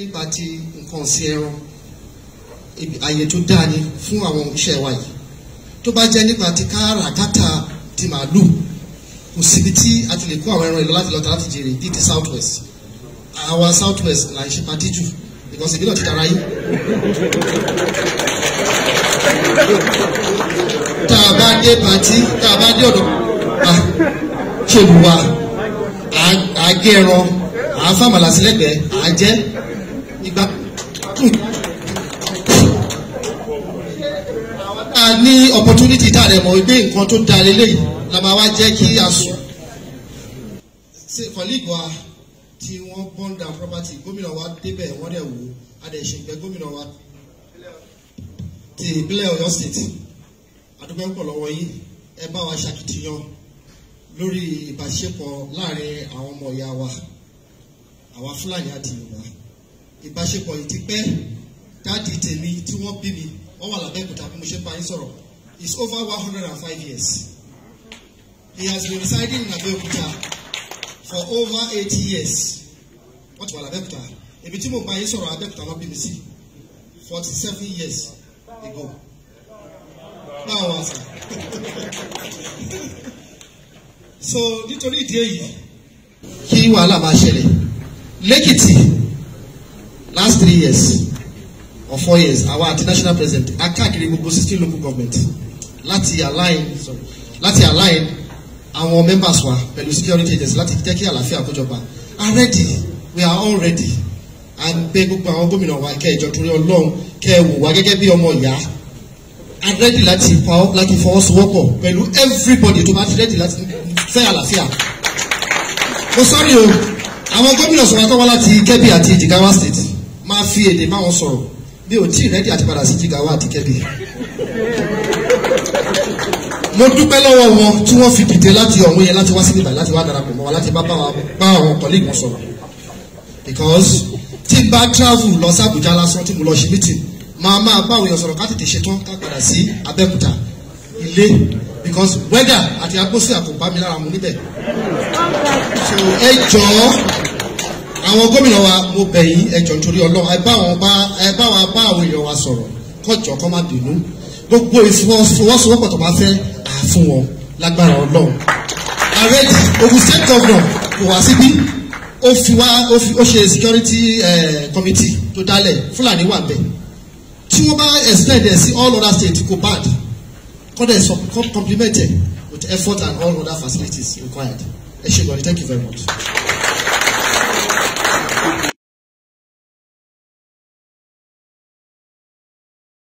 nípa ti nǹkan ọ̀sìn ẹran àyè tó dáa ni fún àwọn iṣẹ́ wa yìí tó bá jẹ́ nípa ti káràkátà ti màálù kò síbi tí a ti lè kó àwọn ẹran ìlú láti lọ́ta láti jèrè bíi ti south west àwa south west là ń ṣe pati jù because ìbílẹ̀ ti dára yìí. tá a bá dé pati tá a bá dé ọ̀dọ̀ ṣèlú wa àgẹ̀rọ àáfàmàlà sílẹ̀gbẹ̀ẹ́ àjẹ́ ìgbà àwọn tá ní opportunity tá a rẹ̀ mọ̀ wípé nǹkan tó da lélẹ́yìí la máa wá jẹ́ kí a sùn. ṣe kọ́líìgì wa tí wọ́n bọ́ǹda property gómìnà wa débẹ̀ wọ́n dẹ̀ wò a dẹ̀ ṣe ìgbẹ́ gómìnà wa ti ìpínlẹ̀ Ọ̀yọ́ state adúgbò pọ̀ lọ́wọ́ yìí ẹ bá wa ṣàkìtìyàn lórí ìbáṣepọ̀ láàrin àwọn ọmọ ìyá wa àwa Fúlàní àti Yorùbá ìbáṣepọ̀ yìí ti pẹ́ dáàdi tèmi tí wọ́n bí mi wọ́n wà lábẹ́òkúta bí mo ṣe bá yín sọ̀rọ̀ is over one hundred and five years he has been residing in Abẹ́òkúta for over eighty years wọ́n ti wà lábẹ́òkúta èmi tí mo bá yín sọ̀rọ̀ Abẹ́òkúta wọ́n bí mi sí forty seven years ago báwo wá sà so nítorí ìdí èyí kí wàhálà máa ṣẹlẹ̀ lẹ́kìtì last three years or four years our àti national president akáàkiri gbogbo sixteen local government láti align láti align àwọn members wa pẹ̀lú security agencies láti jẹ́ kí àlàáfíà kójọba are ready we are all ready And ń bẹ gbogbo àwọn gómìnà wa kẹ́ ìjọ torí ọlọ́run kẹ́ ẹ wò wá gẹ́gẹ́ bí ọmọ ìyá are ready láti pawọ́ láti fọwọ́sowọ́pọ̀ pẹ̀lú everybody tó bá ti ready láti fẹ́ àlàáfíà mo sọ́rí o àwọn gómìnà sọ̀rọ̀ àtọ́wọ́ láti kẹ́bí àti Jigawa state máa fi èdè máa wọn sọ̀rọ̀ bí ò tí ì rẹ́dí àti padà sí jìgáwá àti kẹ́kẹ́. mo dúpẹ́ lọ́wọ́ wọn tí wọ́n fi dìde láti ọ̀hún yẹn láti wá sí ìbàdàn láti wá darapọ̀ mọ́ wa láti bá bá àwọn kọ́lẹ́ẹ̀gì wọn sọ̀rọ̀ because tí n bá travel lọ sí Àbújá lásán tí mo lọ ṣe meeting máa máa bá àwọn èèyàn sọ̀rọ̀ ká tètè ṣetán ká padà sí Abẹ́òkúta ilé because weather àti agbósí àkùnbámilára mu níbẹ̀ so ẹ jọ̀ọ́ àwọn gómìnà wa mo bẹ̀ yín ẹjọ́ torí ọlọ́run ẹ bá wọn bá ẹ bá wọn bá àwọn èèyàn wa sọ̀rọ̀ kọ́jọ́ kọ́ má bínú gbogbo ìfọwọ́sowọ́pọ̀ tó bá fẹ́ àfún wọn lágbára ọlọ́run ààrẹ Ogun state governor kò wá síbí ó fi wá ó ṣe security committee tó dálẹ̀ fúlàní wà bẹ́ẹ̀ tí wọ́n bá extend ẹ̀ sí all other states kò bad kọ́dẹ̀ sọ complemented with effort and all other facilities required ẹ ṣe gbọ́dọ̀ thank you very much.